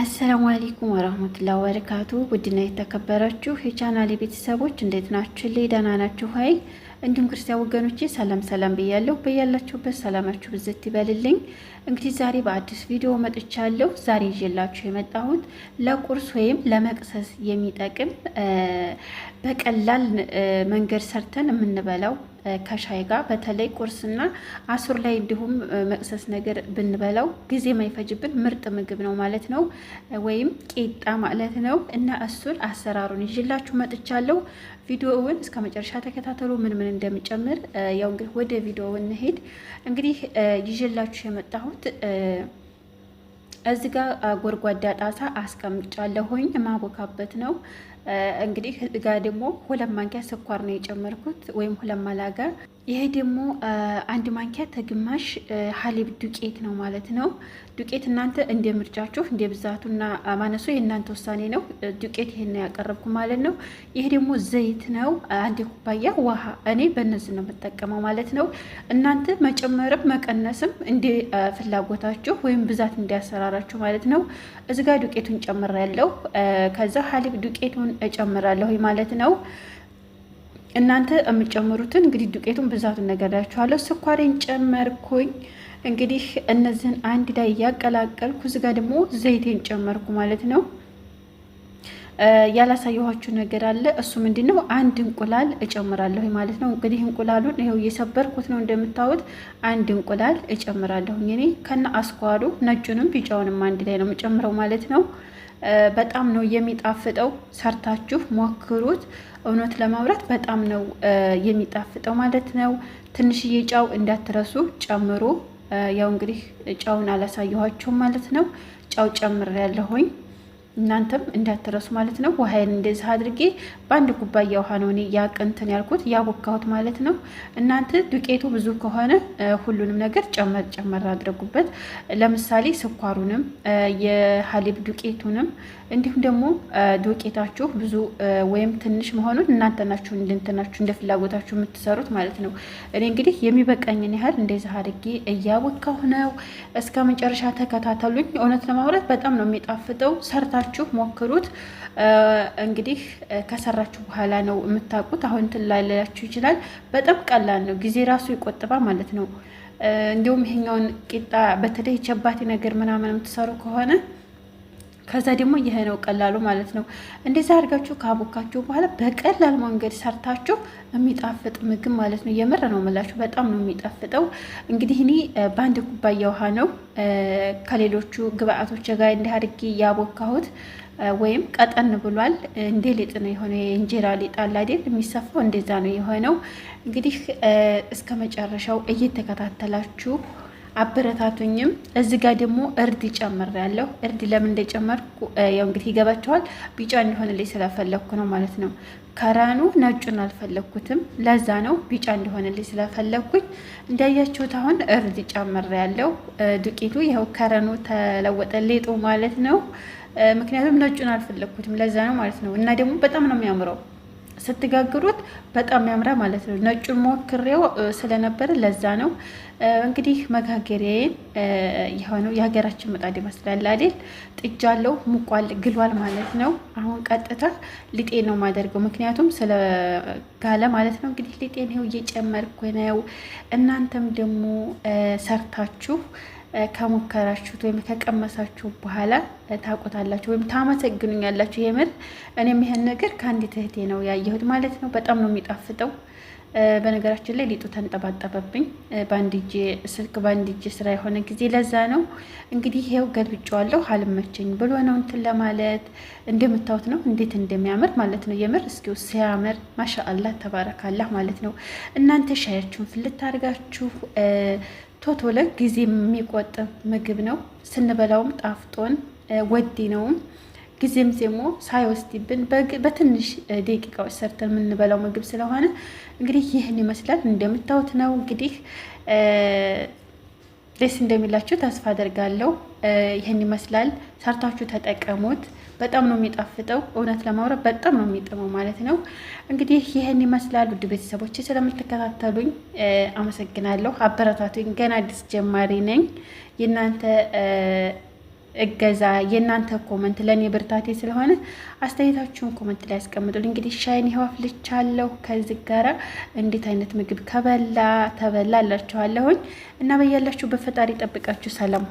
አሰላሙ አለይኩም ወረህመቱላሂ ወበረካቱ ውድና የተከበራችሁ የቻናሌ ቤተሰቦች እንዴት ናችሁ? ላይ ደህና ናችሁ? ሀይ እንዲሁም ክርስቲያን ወገኖቼ ሰላም ሰላም ብያለሁ። በያላችሁበት ሰላማችሁ ብዘት ይበልልኝ። እንግዲህ ዛሬ በአዲስ ቪዲዮ መጥቻለሁ። ዛሬ ይዤላችሁ የመጣሁት ለቁርስ ወይም ለመቅሰስ የሚጠቅም በቀላል መንገድ ሰርተን የምንበላው ከሻይ ጋር በተለይ ቁርስና አሱር ላይ እንዲሁም መቅሰስ ነገር ብንበላው ጊዜ የማይፈጅብን ምርጥ ምግብ ነው ማለት ነው፣ ወይም ቂጣ ማለት ነው። እና እሱን አሰራሩን ይዤላችሁ መጥቻለሁ። ቪዲዮውን እስከ መጨረሻ ተከታተሉ፣ ምን ምን እንደምጨምር። ያው እንግዲህ ወደ ቪዲዮ እንሄድ። እንግዲህ ይዤላችሁ የመጣሁት እዚህ ጋር ጎድጓዳ ጣሳ አስቀምጫለሁኝ፣ ማቦካበት ነው እንግዲህ ጋ ደግሞ ሁለት ማንኪያ ስኳር ነው የጨመርኩት ወይም ሁለት ማላጋ ይሄ ደግሞ አንድ ማንኪያ ተግማሽ ሀሊብ ዱቄት ነው ማለት ነው። ዱቄት እናንተ እንደ ምርጫችሁ እንደ ብዛቱና ማነሱ የእናንተ ውሳኔ ነው። ዱቄት ይሄን ያቀረብኩ ማለት ነው። ይሄ ደግሞ ዘይት ነው፣ አንድ ኩባያ ውሃ። እኔ በእነዚህ ነው የምጠቀመው ማለት ነው። እናንተ መጨመርም መቀነስም እንደ ፍላጎታችሁ ወይም ብዛት እንዲያሰራራችሁ ማለት ነው። እዚጋ ዱቄቱን ያለው ከዛ ሀሊብ ዱቄቱን እጨምራለሁ ማለት ነው። እናንተ የምጨምሩትን እንግዲህ ዱቄቱን ብዛቱን ነገዳችኋለሁ። ስኳሬን ጨመርኩኝ። እንግዲህ እነዚህን አንድ ላይ እያቀላቀልኩ እዚህ ደግሞ ዘይቴን ጨመርኩ ማለት ነው። ያላሳየኋችሁ ነገር አለ። እሱ ምንድን ነው? አንድ እንቁላል እጨምራለሁ ማለት ነው። እንግዲህ እንቁላሉን ይኸው እየሰበርኩት ነው እንደምታዩት። አንድ እንቁላል እጨምራለሁ እኔ ከነ አስኳሉ ነጩንም ቢጫውንም አንድ ላይ ነው የምጨምረው ማለት ነው። በጣም ነው የሚጣፍጠው። ሰርታችሁ ሞክሩት። እውነት ለማብራት በጣም ነው የሚጣፍጠው ማለት ነው። ትንሽዬ ጫው እንዳትረሱ ጨምሩ። ያው እንግዲህ ጫውን አላሳየኋቸውም ማለት ነው። ጫው ጨምር ያለሁኝ እናንተም እንዳትረሱ ማለት ነው። ውሃዬን እንደዚህ አድርጌ በአንድ ኩባያ ውሃ ነው እኔ ያቅንትን ያልኩት ያቦካሁት ማለት ነው። እናንተ ዱቄቱ ብዙ ከሆነ ሁሉንም ነገር ጨመር ጨመር አድርጉበት። ለምሳሌ ስኳሩንም፣ የሀሊብ ዱቄቱንም እንዲሁም ደግሞ ዱቄታችሁ ብዙ ወይም ትንሽ መሆኑን እናንተ ናችሁ እንደንትናችሁ እንደ ፍላጎታችሁ የምትሰሩት ማለት ነው። እኔ እንግዲህ የሚበቃኝን ያህል እንደዚህ አድርጌ እያቦካሁ ነው። እስከ መጨረሻ ተከታተሉኝ። እውነት ለማውራት በጣም ነው የሚጣፍጠው ሰርታ ሰርታችሁ ሞክሩት። እንግዲህ ከሰራችሁ በኋላ ነው የምታውቁት። አሁን ላላችሁ ይችላል። በጣም ቀላል ነው፣ ጊዜ ራሱ ይቆጥባ ማለት ነው። እንዲሁም ይሄኛውን ቂጣ በተለይ ቸባቴ ነገር ምናምን የምትሰሩ ከሆነ ከዛ ደግሞ ይሄ ነው ቀላሉ ማለት ነው። እንደዛ አድርጋችሁ ካቦካችሁ በኋላ በቀላል መንገድ ሰርታችሁ የሚጣፍጥ ምግብ ማለት ነው። የምር ነው የምላችሁ፣ በጣም ነው የሚጣፍጠው። እንግዲህ እኔ በአንድ ኩባያ ውሃ ነው ከሌሎቹ ግብአቶች ጋር እንዲህ አድርጌ ያቦካሁት፣ ወይም ቀጠን ብሏል። እንደ ሊጥ ነው የሆነ የእንጀራ ሊጥ አለ አይደል የሚሰፋው፣ እንደዛ ነው የሆነው። እንግዲህ እስከ መጨረሻው እየተከታተላችሁ አበረታቱኝም። እዚህ ጋር ደግሞ እርድ ጨምር ያለው እርድ ለምን እንደጨመርኩ ያው እንግዲህ ይገባቸዋል። ቢጫ እንዲሆንልኝ ስለፈለግኩ ነው ማለት ነው። ከራኑ ነጩን አልፈለግኩትም። ለዛ ነው ቢጫ እንዲሆንልኝ ስለፈለግኩኝ። እንዳያችሁት አሁን እርድ ጨምር ያለው ዱቄቱ ያው ከረኑ ተለወጠ ሌጦ ማለት ነው። ምክንያቱም ነጩን አልፈለግኩትም። ለዛ ነው ማለት ነው። እና ደግሞ በጣም ነው የሚያምረው ስትጋግሩት በጣም ያምራ ማለት ነው። ነጩን ሞክሬው ስለነበረ ለዛ ነው እንግዲህ መጋገሬን የሆነው የሀገራችን ምጣድ ይመስላል አይደል? ጥጃለው ሙቋል፣ ግሏል ማለት ነው። አሁን ቀጥታ ሊጤ ነው ማደርገው ምክንያቱም ስለጋለ ማለት ነው። እንግዲህ ሊጤ ነው እየጨመርኩ ነው። እናንተም ደግሞ ሰርታችሁ ከሞከራችሁት ወይም ከቀመሳችሁ በኋላ ታቆታላችሁ ወይም ታመሰግኑኛላችሁ። የምር እኔም ይህን ነገር ከአንዲት እህቴ ነው ያየሁት ማለት ነው። በጣም ነው የሚጣፍጠው። በነገራችን ላይ ሊጡ ተንጠባጠበብኝ። በአንድ እጄ ስልክ በአንድ እጄ ስራ የሆነ ጊዜ ለዛ ነው እንግዲህ ይሄው ገልብጬዋለሁ። አልመቸኝ ብሎ ነው እንትን ለማለት እንደምታዩት ነው እንዴት እንደሚያምር ማለት ነው። የምር እስኪው ሲያምር ማሻአላህ ተባረካላህ ማለት ነው። እናንተ ሻያችሁን ፍልት አድርጋችሁ ቶቶለ ጊዜ የሚቆጥብ ምግብ ነው። ስንበላውም ጣፍጦን ወዲ ነውም ጊዜም ዜሞ ሳይወስድብን በትንሽ ደቂቃዎች ሰርተን የምንበላው ምግብ ስለሆነ እንግዲህ ይህን ይመስላል። እንደምታዩት ነው እንግዲህ ደስ እንደሚላችሁ ተስፋ አደርጋለሁ። ይህን ይመስላል። ሰርታችሁ ተጠቀሙት። በጣም ነው የሚጣፍጠው። እውነት ለማውራት በጣም ነው የሚጥመው ማለት ነው። እንግዲህ ይህን ይመስላል። ውድ ቤተሰቦች ስለምትከታተሉኝ አመሰግናለሁ። አበረታቱኝ። ገና አዲስ ጀማሪ ነኝ። የእናንተ እገዛ የእናንተ ኮመንት ለእኔ ብርታቴ ስለሆነ አስተያየታችሁን ኮመንት ላይ ያስቀምጡልኝ። እንግዲህ ሻይን ይዋፍልቻለሁ። ከዚህ ጋራ እንዴት አይነት ምግብ ከበላ ተበላ አላችኋለሁኝ እና በያላችሁ በፈጣሪ ጠብቃችሁ ሰላም